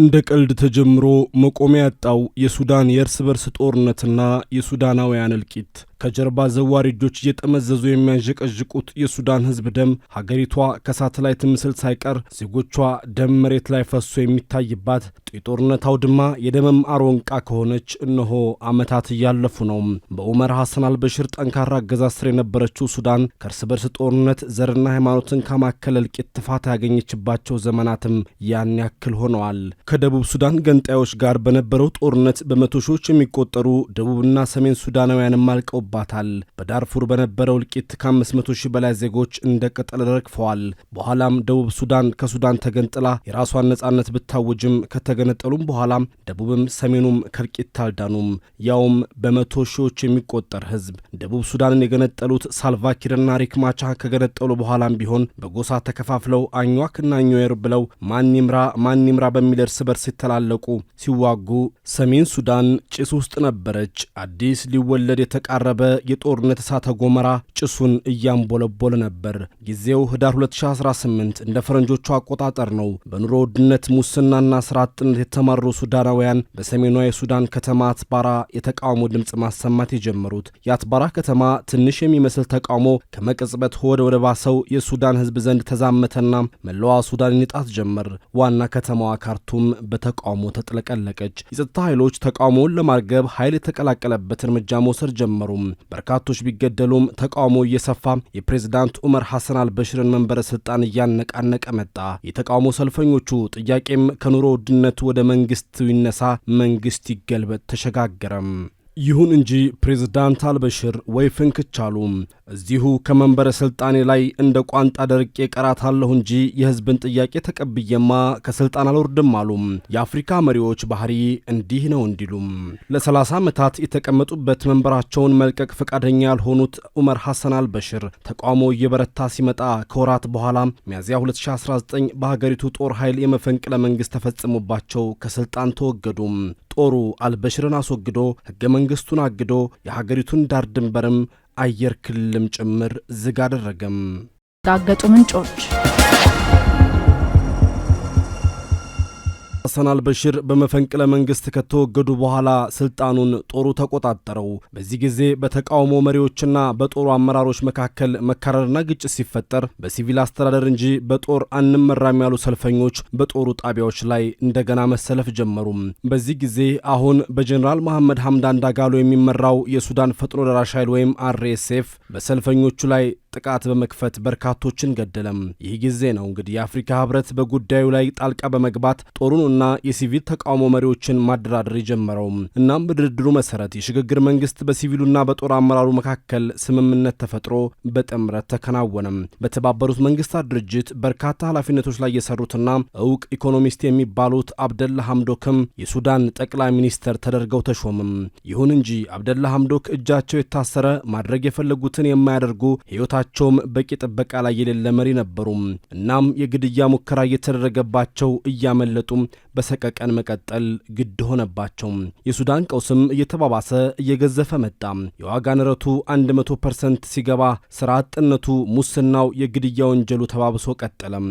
እንደ ቀልድ ተጀምሮ መቆሚያ ያጣው የሱዳን የእርስ በርስ ጦርነትና የሱዳናውያን እልቂት ከጀርባ ዘዋሪ እጆች እየጠመዘዙ የሚያንዠቀዥቁት የሱዳን ህዝብ ደም ሀገሪቷ ከሳተላይት ምስል ሳይቀር ዜጎቿ ደም መሬት ላይ ፈሶ የሚታይባት የጦርነት አውድማ የደመም አሮንቃ ከሆነች እነሆ ዓመታት እያለፉ ነው። በኡመር ሐሰን አልበሽር ጠንካራ አገዛዝ ስር የነበረችው ሱዳን ከእርስ በርስ ጦርነት ዘርና ሃይማኖትን ከማከለ እልቂት ትፋት ያገኘችባቸው ዘመናትም ያን ያክል ሆነዋል። ከደቡብ ሱዳን ገንጣዮች ጋር በነበረው ጦርነት በመቶ ሺዎች የሚቆጠሩ ደቡብና ሰሜን ሱዳናውያንም አልቀው ደርሶባታል። በዳርፉር በነበረው እልቂት ከ500 ሺህ በላይ ዜጎች እንደ ቅጠል ረግፈዋል። በኋላም ደቡብ ሱዳን ከሱዳን ተገንጥላ የራሷን ነጻነት ብታውጅም ከተገነጠሉም በኋላም ደቡብም ሰሜኑም ከእልቂት አልዳኑም። ያውም በመቶ ሺዎች የሚቆጠር ህዝብ ደቡብ ሱዳንን የገነጠሉት ሳልቫኪርና ሪክ ከገነጠሉ በኋላም ቢሆን በጎሳ ተከፋፍለው አኟክና ኞዌር ብለው ማኒምራ ማኒምራ በሚል እርስ በርስ ሲተላለቁ ሲዋጉ ሰሜን ሱዳን ጭስ ውስጥ ነበረች። አዲስ ሊወለድ የተቃረበ እየቀረበ የጦርነት እሳተ ጎመራ ጭሱን እያንቦለቦለ ነበር። ጊዜው ህዳር 2018 እንደ ፈረንጆቹ አቆጣጠር ነው። በኑሮ ውድነት ሙስናና ስራ አጥነት የተማረሩ ሱዳናውያን በሰሜኗ የሱዳን ከተማ አትባራ የተቃውሞ ድምፅ ማሰማት የጀመሩት። የአትባራ ከተማ ትንሽ የሚመስል ተቃውሞ ከመቅጽበት ሆደ ወደ ባሰው የሱዳን ህዝብ ዘንድ ተዛመተና መለዋ ሱዳን ይጣት ጀመር። ዋና ከተማዋ ካርቱም በተቃውሞ ተጥለቀለቀች። የጸጥታ ኃይሎች ተቃውሞውን ለማርገብ ኃይል የተቀላቀለበት እርምጃ መውሰድ ጀመሩም። በርካቶች ቢገደሉም ተቃውሞ እየሰፋ የፕሬዝዳንት ዑመር ሐሰን አልበሽርን መንበረ ስልጣን እያነቃነቀ መጣ። የተቃውሞ ሰልፈኞቹ ጥያቄም ከኑሮ ውድነት ወደ መንግስት ይነሳ፣ መንግስት ይገልበጥ ተሸጋገረም። ይሁን እንጂ ፕሬዝዳንት አልበሽር ወይ ፍንክች አሉ። እዚሁ ከመንበረ ሥልጣኔ ላይ እንደ ቋንጣ ደርቄ ቀራታለሁ እንጂ የሕዝብን ጥያቄ ተቀብዬማ ከሥልጣን አልወርድም አሉ። የአፍሪካ መሪዎች ባህሪ እንዲህ ነው እንዲሉም። ለ30 ዓመታት የተቀመጡበት መንበራቸውን መልቀቅ ፈቃደኛ ያልሆኑት ዑመር ሐሰን አልበሽር ተቃውሞ እየበረታ ሲመጣ ከወራት በኋላ ሚያዝያ 2019 በሀገሪቱ ጦር ኃይል የመፈንቅለ መንግሥት ተፈጽሞባቸው ከሥልጣን ተወገዱ። ጦሩ አልበሽርን አስወግዶ ሕገ መንግሥቱን አግዶ የሀገሪቱን ዳር ድንበርም አየር ክልልም ጭምር ዝግ አደረገም። ዳገጡ ምንጮች ሐሰን አልበሽር በመፈንቅለ መንግስት ከተወገዱ በኋላ ስልጣኑን ጦሩ ተቆጣጠረው። በዚህ ጊዜ በተቃውሞ መሪዎችና በጦሩ አመራሮች መካከል መካረርና ግጭት ሲፈጠር በሲቪል አስተዳደር እንጂ በጦር አንመራም ያሉ ሰልፈኞች በጦሩ ጣቢያዎች ላይ እንደገና መሰለፍ ጀመሩም። በዚህ ጊዜ አሁን በጀኔራል መሐመድ ሐምዳን ዳጋሎ የሚመራው የሱዳን ፈጥኖ ደራሽ ኃይል ወይም አርኤስኤፍ በሰልፈኞቹ ላይ ጥቃት በመክፈት በርካቶችን ገደለም። ይህ ጊዜ ነው እንግዲህ የአፍሪካ ህብረት በጉዳዩ ላይ ጣልቃ በመግባት ጦሩንና የሲቪል ተቃውሞ መሪዎችን ማደራደር የጀመረው። እናም በድርድሩ መሰረት የሽግግር መንግስት በሲቪሉና በጦር አመራሩ መካከል ስምምነት ተፈጥሮ በጥምረት ተከናወነም። በተባበሩት መንግስታት ድርጅት በርካታ ኃላፊነቶች ላይ የሰሩትና እውቅ ኢኮኖሚስት የሚባሉት አብደላ ሐምዶክም የሱዳን ጠቅላይ ሚኒስተር ተደርገው ተሾምም። ይሁን እንጂ አብደላ ሐምዶክ እጃቸው የታሰረ ማድረግ የፈለጉትን የማያደርጉ ህይወታ ራሳቸውም በቂ ጥበቃ ላይ የሌለ መሪ ነበሩ። እናም የግድያ ሙከራ እየተደረገባቸው እያመለጡ በሰቀቀን መቀጠል ግድ ሆነባቸው። የሱዳን ቀውስም እየተባባሰ እየገዘፈ መጣ። የዋጋ ንረቱ 100 ፐርሰንት ሲገባ ስራ አጥነቱ፣ ሙስናው፣ የግድያ ወንጀሉ ተባብሶ ቀጠለም።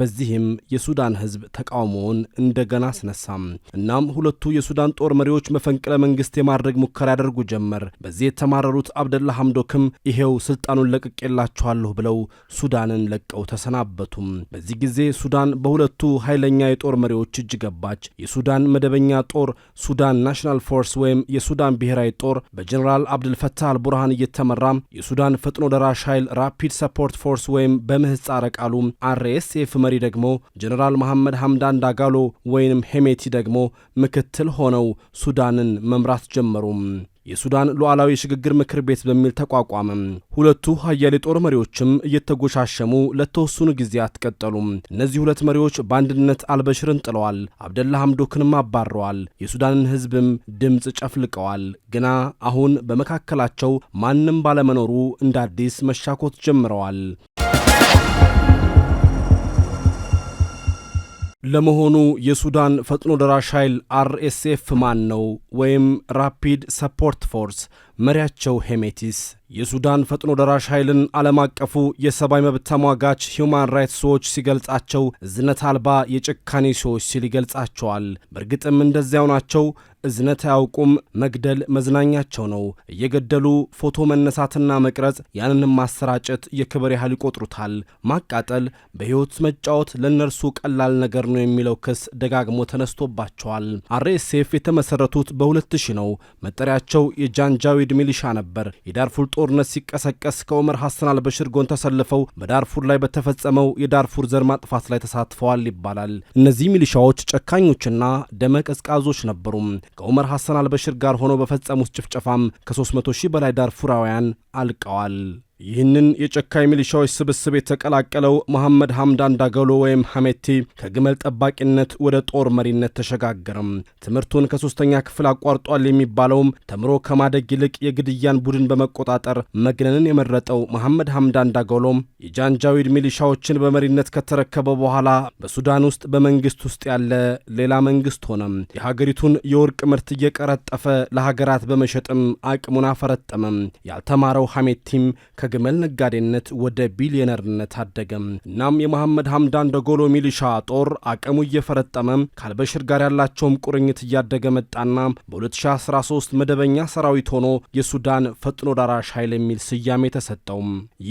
በዚህም የሱዳን ህዝብ ተቃውሞውን እንደገና አስነሳም። እናም ሁለቱ የሱዳን ጦር መሪዎች መፈንቅለ መንግስት የማድረግ ሙከራ ያደርጉ ጀመር። በዚህ የተማረሩት አብደላ ሐምዶክም ይሄው ስልጣኑን ለቅቄላችኋለሁ ብለው ሱዳንን ለቀው ተሰናበቱም። በዚህ ጊዜ ሱዳን በሁለቱ ኃይለኛ የጦር መሪዎች እጅ ገባች። የሱዳን መደበኛ ጦር ሱዳን ናሽናል ፎርስ ወይም የሱዳን ብሔራዊ ጦር በጀኔራል አብድልፈታህ አልቡርሃን እየተመራ የሱዳን ፈጥኖ ደራሽ ኃይል ራፒድ ሰፖርት ፎርስ ወይም በምህፃረ ቃሉ አርኤስኤፍ መሪ ደግሞ ጀነራል መሐመድ ሐምዳን ዳጋሎ ወይንም ሄሜቲ ደግሞ ምክትል ሆነው ሱዳንን መምራት ጀመሩም። የሱዳን ሉዓላዊ ሽግግር ምክር ቤት በሚል ተቋቋመ። ሁለቱ ሀያሌ ጦር መሪዎችም እየተጎሻሸሙ ለተወሰኑ ጊዜያት ቀጠሉ። እነዚህ ሁለት መሪዎች በአንድነት አልበሽርን ጥለዋል፣ አብደላ ሐምዶክንም አባረዋል፣ የሱዳንን ሕዝብም ድምፅ ጨፍልቀዋል። ግና አሁን በመካከላቸው ማንም ባለመኖሩ እንደ አዲስ መሻኮት ጀምረዋል። ለመሆኑ የሱዳን ፈጥኖ ደራሽ ኃይል አርኤስኤፍ ማን ነው? ወይም ራፒድ ሰፖርት ፎርስ መሪያቸው ሄሜቲስ የሱዳን ፈጥኖ ደራሽ ኃይልን ዓለም አቀፉ የሰብአዊ መብት ተሟጋች ሂውማን ራይትስ ዎች ሲገልጻቸው እዝነት አልባ የጭካኔ ሰዎች ሲል ይገልጻቸዋል። በእርግጥም እንደዚያው ናቸው። እዝነት አያውቁም። መግደል መዝናኛቸው ነው። እየገደሉ ፎቶ መነሳትና መቅረጽ፣ ያንንም ማሰራጨት የክብር ያህል ይቆጥሩታል። ማቃጠል፣ በሕይወት መጫወት ለእነርሱ ቀላል ነገር ነው የሚለው ክስ ደጋግሞ ተነስቶባቸዋል። አርኤስኤፍ የተመሠረቱት በ2000 ነው። መጠሪያቸው የጃንጃዊድ ሚሊሻ ነበር። የዳርፉር ጦርነት ሲቀሰቀስ ከኦመር ሐሰን አልበሽር ጎን ተሰልፈው በዳርፉር ላይ በተፈጸመው የዳርፉር ዘር ማጥፋት ላይ ተሳትፈዋል ይባላል። እነዚህ ሚሊሻዎች ጨካኞችና ደመ ቀዝቃዞች ነበሩ። ከኦመር ሐሰን አልበሽር ጋር ሆነው በፈጸሙት ጭፍጨፋም ከ300 ሺህ በላይ ዳርፉራውያን አልቀዋል። ይህንን የጨካኝ ሚሊሻዎች ስብስብ የተቀላቀለው መሐመድ ሐምዳን ዳገሎ ወይም ሐሜቲ ከግመል ጠባቂነት ወደ ጦር መሪነት ተሸጋገረም። ትምህርቱን ከሶስተኛ ክፍል አቋርጧል የሚባለውም ተምሮ ከማደግ ይልቅ የግድያን ቡድን በመቆጣጠር መግነንን የመረጠው መሐመድ ሐምዳን ዳገሎም የጃንጃዊድ ሚሊሻዎችን በመሪነት ከተረከበ በኋላ በሱዳን ውስጥ በመንግስት ውስጥ ያለ ሌላ መንግስት ሆነም። የሀገሪቱን የወርቅ ምርት እየቀረጠፈ ለሀገራት በመሸጥም አቅሙን አፈረጠመም። ያልተማረው ሐሜቲም ከግመል ነጋዴነት ወደ ቢሊዮነርነት አደገም። እናም የመሐመድ ሐምዳን ደጎሎ ሚሊሻ ጦር አቅሙ እየፈረጠመ ከአልበሽር ጋር ያላቸውም ቁርኝት እያደገ መጣና በ2013 መደበኛ ሰራዊት ሆኖ የሱዳን ፈጥኖ ዳራሽ ኃይል የሚል ስያሜ ተሰጠው።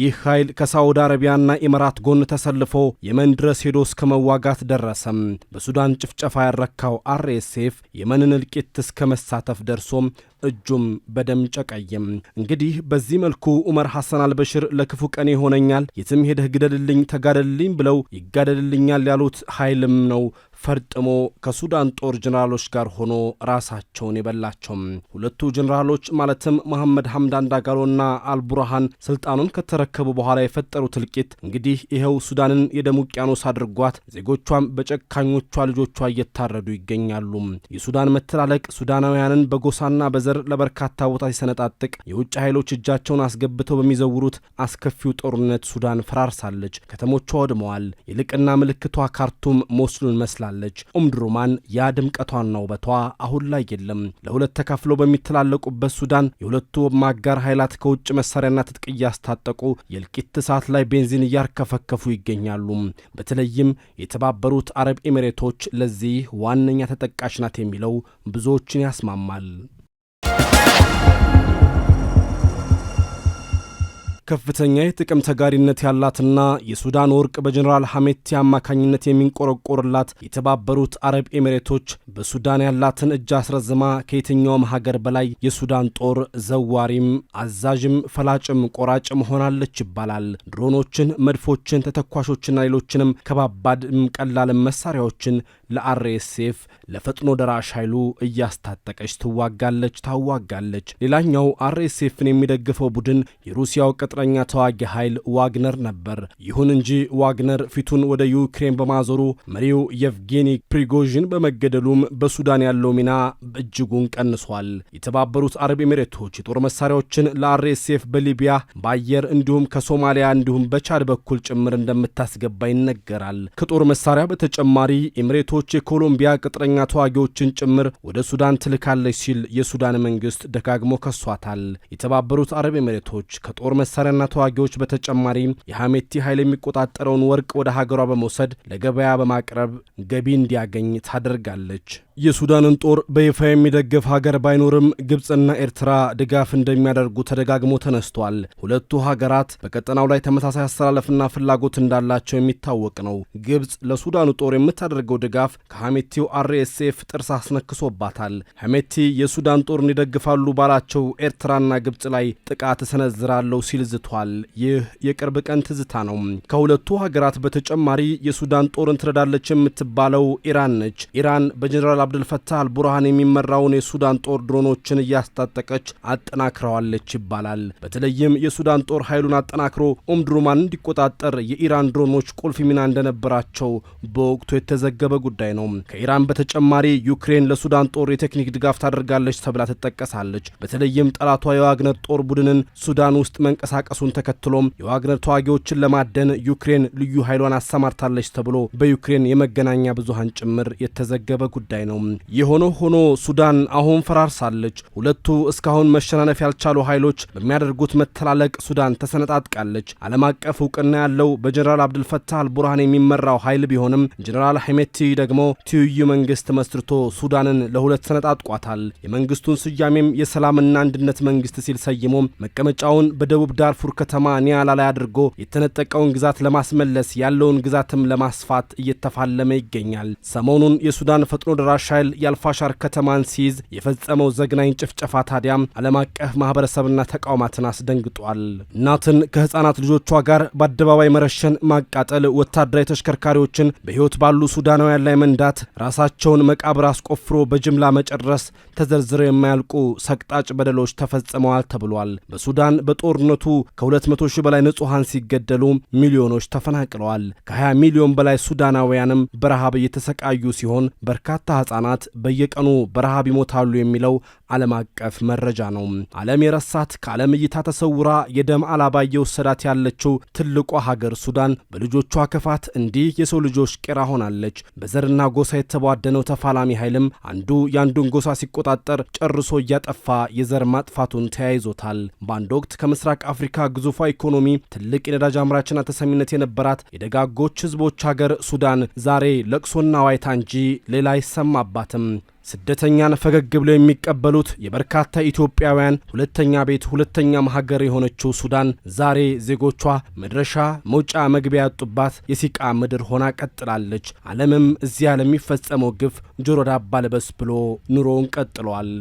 ይህ ኃይል ከሳዑዲ አረቢያና ኢምራት ጎን ተሰልፎ የመን ድረስ ሄዶ እስከ መዋጋት ደረሰም። በሱዳን ጭፍጨፋ ያረካው አርኤስኤፍ የመንን እልቂት እስከ መሳተፍ ደርሶም እጁም በደም ጨቀየም። እንግዲህ በዚህ መልኩ ዑመር ሐሰን አልበሽር ለክፉ ቀኔ ይሆነኛል የትም ሄደህ ግደልልኝ፣ ተጋደልልኝ ብለው ይጋደልልኛል ያሉት ኃይልም ነው ፈርጥሞ ከሱዳን ጦር ጀኔራሎች ጋር ሆኖ ራሳቸውን የበላቸው ሁለቱ ጀኔራሎች ማለትም መሐመድ ሐምዳን ዳጋሎና አልቡርሃን ስልጣኑን ከተረከቡ በኋላ የፈጠሩት እልቂት እንግዲህ ይኸው ሱዳንን የደም ውቅያኖስ አድርጓት ዜጎቿም በጨካኞቿ ልጆቿ እየታረዱ ይገኛሉ። የሱዳን መተላለቅ ሱዳናውያንን በጎሳና በዘር ለበርካታ ቦታ ሲሰነጣጥቅ የውጭ ኃይሎች እጃቸውን አስገብተው በሚዘውሩት አስከፊው ጦርነት ሱዳን ፈራርሳለች። ከተሞቿ ወድመዋል። የልቅና ምልክቷ ካርቱም ሞስሉን መስላል። ትችላለች። ኡምድሩማን ያ ድምቀቷና ውበቷ አሁን ላይ የለም። ለሁለት ተካፍለው በሚተላለቁበት ሱዳን የሁለቱ ማጋር ኃይላት ከውጭ መሳሪያና ትጥቅ እያስታጠቁ የእልቂት እሳት ላይ ቤንዚን እያርከፈከፉ ይገኛሉ። በተለይም የተባበሩት አረብ ኤሚሬቶች ለዚህ ዋነኛ ተጠቃሽ ናት የሚለው ብዙዎችን ያስማማል። ከፍተኛ የጥቅም ተጋሪነት ያላትና የሱዳን ወርቅ በጀኔራል ሐሜቲ አማካኝነት የሚንቆረቆርላት የተባበሩት አረብ ኤሚሬቶች በሱዳን ያላትን እጅ አስረዝማ ከየትኛውም ሀገር በላይ የሱዳን ጦር ዘዋሪም፣ አዛዥም፣ ፈላጭም ቆራጭ መሆናለች ይባላል። ድሮኖችን፣ መድፎችን፣ ተተኳሾችና ሌሎችንም ከባባድም ቀላልም መሳሪያዎችን ለአርኤስኤፍ ለፈጥኖ ደራሽ ኃይሉ እያስታጠቀች ትዋጋለች ታዋጋለች። ሌላኛው አርኤስኤፍን የሚደግፈው ቡድን የሩሲያው ቅጥረ ቅጥረኛ ተዋጊ ኃይል ዋግነር ነበር። ይሁን እንጂ ዋግነር ፊቱን ወደ ዩክሬን በማዞሩ መሪው የቭጌኒ ፕሪጎዥን በመገደሉም በሱዳን ያለው ሚና እጅጉን ቀንሷል። የተባበሩት አረብ ኤሜሬቶች የጦር መሳሪያዎችን ለአርኤስኤፍ በሊቢያ በአየር እንዲሁም ከሶማሊያ እንዲሁም በቻድ በኩል ጭምር እንደምታስገባ ይነገራል። ከጦር መሳሪያ በተጨማሪ ኤሜሬቶች የኮሎምቢያ ቅጥረኛ ተዋጊዎችን ጭምር ወደ ሱዳን ትልካለች ሲል የሱዳን መንግስት ደጋግሞ ከሷታል። የተባበሩት አረብ ኤሜሬቶች ከጦር መሳሪያ መሳሪያና ተዋጊዎች በተጨማሪ የሐሜቲ ኃይል የሚቆጣጠረውን ወርቅ ወደ ሀገሯ በመውሰድ ለገበያ በማቅረብ ገቢ እንዲያገኝ ታደርጋለች። የሱዳንን ጦር በይፋ የሚደግፍ ሀገር ባይኖርም ግብፅና ኤርትራ ድጋፍ እንደሚያደርጉ ተደጋግሞ ተነስቷል። ሁለቱ ሀገራት በቀጠናው ላይ ተመሳሳይ አሰላለፍና ፍላጎት እንዳላቸው የሚታወቅ ነው። ግብፅ ለሱዳኑ ጦር የምታደርገው ድጋፍ ከሐሜቲው አርኤስኤፍ ጥርስ አስነክሶባታል። ሐሜቲ የሱዳን ጦርን ይደግፋሉ ባላቸው ኤርትራና ግብፅ ላይ ጥቃት እሰነዝራለሁ ሲል አውድቷል። ይህ የቅርብ ቀን ትዝታ ነው። ከሁለቱ ሀገራት በተጨማሪ የሱዳን ጦርን ትረዳለች የምትባለው ኢራን ነች። ኢራን በጀኔራል አብድልፈታህ አልቡርሃን የሚመራውን የሱዳን ጦር ድሮኖችን እያስታጠቀች አጠናክረዋለች ይባላል። በተለይም የሱዳን ጦር ኃይሉን አጠናክሮ ኦምድሩማን እንዲቆጣጠር የኢራን ድሮኖች ቁልፍ ሚና እንደነበራቸው በወቅቱ የተዘገበ ጉዳይ ነው። ከኢራን በተጨማሪ ዩክሬን ለሱዳን ጦር የቴክኒክ ድጋፍ ታደርጋለች ተብላ ትጠቀሳለች። በተለይም ጠላቷ የዋግነት ጦር ቡድንን ሱዳን ውስጥ መንቀሳቀስ መንቀሳቀሱን ተከትሎም የዋግነር ተዋጊዎችን ለማደን ዩክሬን ልዩ ኃይሏን አሰማርታለች ተብሎ በዩክሬን የመገናኛ ብዙሃን ጭምር የተዘገበ ጉዳይ ነው። የሆነ ሆኖ ሱዳን አሁን ፈራርሳለች። ሁለቱ እስካሁን መሸናነፍ ያልቻሉ ኃይሎች በሚያደርጉት መተላለቅ ሱዳን ተሰነጣጥቃለች። ዓለም አቀፍ እውቅና ያለው በጀኔራል አብዱልፈታህ አልቡርሃን የሚመራው ኃይል ቢሆንም ጀኔራል ሐሜቲ ደግሞ ትይዩ መንግስት መስርቶ ሱዳንን ለሁለት ሰነጣጥቋታል። የመንግስቱን ስያሜም የሰላምና አንድነት መንግስት ሲል ሰይሞ መቀመጫውን በደቡብ ዳር በዳርፉር ከተማ ኒያላ ላይ አድርጎ የተነጠቀውን ግዛት ለማስመለስ ያለውን ግዛትም ለማስፋት እየተፋለመ ይገኛል። ሰሞኑን የሱዳን ፈጥኖ ደራሽ ኃይል የአልፋሻር ከተማን ሲይዝ የፈጸመው ዘግናኝ ጭፍጨፋ ታዲያም ዓለም አቀፍ ማህበረሰብና ተቃውማትን አስደንግጧል። እናትን ከህፃናት ልጆቿ ጋር በአደባባይ መረሸን፣ ማቃጠል፣ ወታደራዊ ተሽከርካሪዎችን በሕይወት ባሉ ሱዳናውያን ላይ መንዳት፣ ራሳቸውን መቃብር አስቆፍሮ በጅምላ መጨረስ ተዘርዝረው የማያልቁ ሰቅጣጭ በደሎች ተፈጽመዋል ተብሏል። በሱዳን በጦርነቱ ከ200 ሺህ በላይ ንጹሐን ሲገደሉ ሚሊዮኖች ተፈናቅለዋል። ከ20 ሚሊዮን በላይ ሱዳናውያንም በረሃብ እየተሰቃዩ ሲሆን በርካታ ሕፃናት በየቀኑ በረሃብ ይሞታሉ የሚለው ዓለም አቀፍ መረጃ ነው። ዓለም የረሳት ከዓለም እይታ ተሰውራ የደም አላባ እየወሰዳት ያለችው ትልቋ ሀገር ሱዳን በልጆቿ ክፋት እንዲህ የሰው ልጆች ቄራ ሆናለች። በዘርና ጎሳ የተቧደነው ተፋላሚ ኃይልም አንዱ የአንዱን ጎሳ ሲቆጣጠር ጨርሶ እያጠፋ የዘር ማጥፋቱን ተያይዞታል። በአንድ ወቅት ከምስራቅ አፍሪካ የአፍሪካ ግዙፏ ኢኮኖሚ ትልቅ የነዳጅ አምራችና ተሰሚነት የነበራት የደጋጎች ህዝቦች ሀገር ሱዳን ዛሬ ለቅሶና ዋይታ እንጂ ሌላ አይሰማባትም። ስደተኛን ፈገግ ብለው የሚቀበሉት የበርካታ ኢትዮጵያውያን ሁለተኛ ቤት ሁለተኛ ሀገር የሆነችው ሱዳን ዛሬ ዜጎቿ መድረሻ መውጫ መግቢያ ያጡባት የሲቃ ምድር ሆና ቀጥላለች። ዓለምም እዚያ ለሚፈጸመው ግፍ ጆሮ ዳባ ልበስ ብሎ ኑሮውን ቀጥሏል።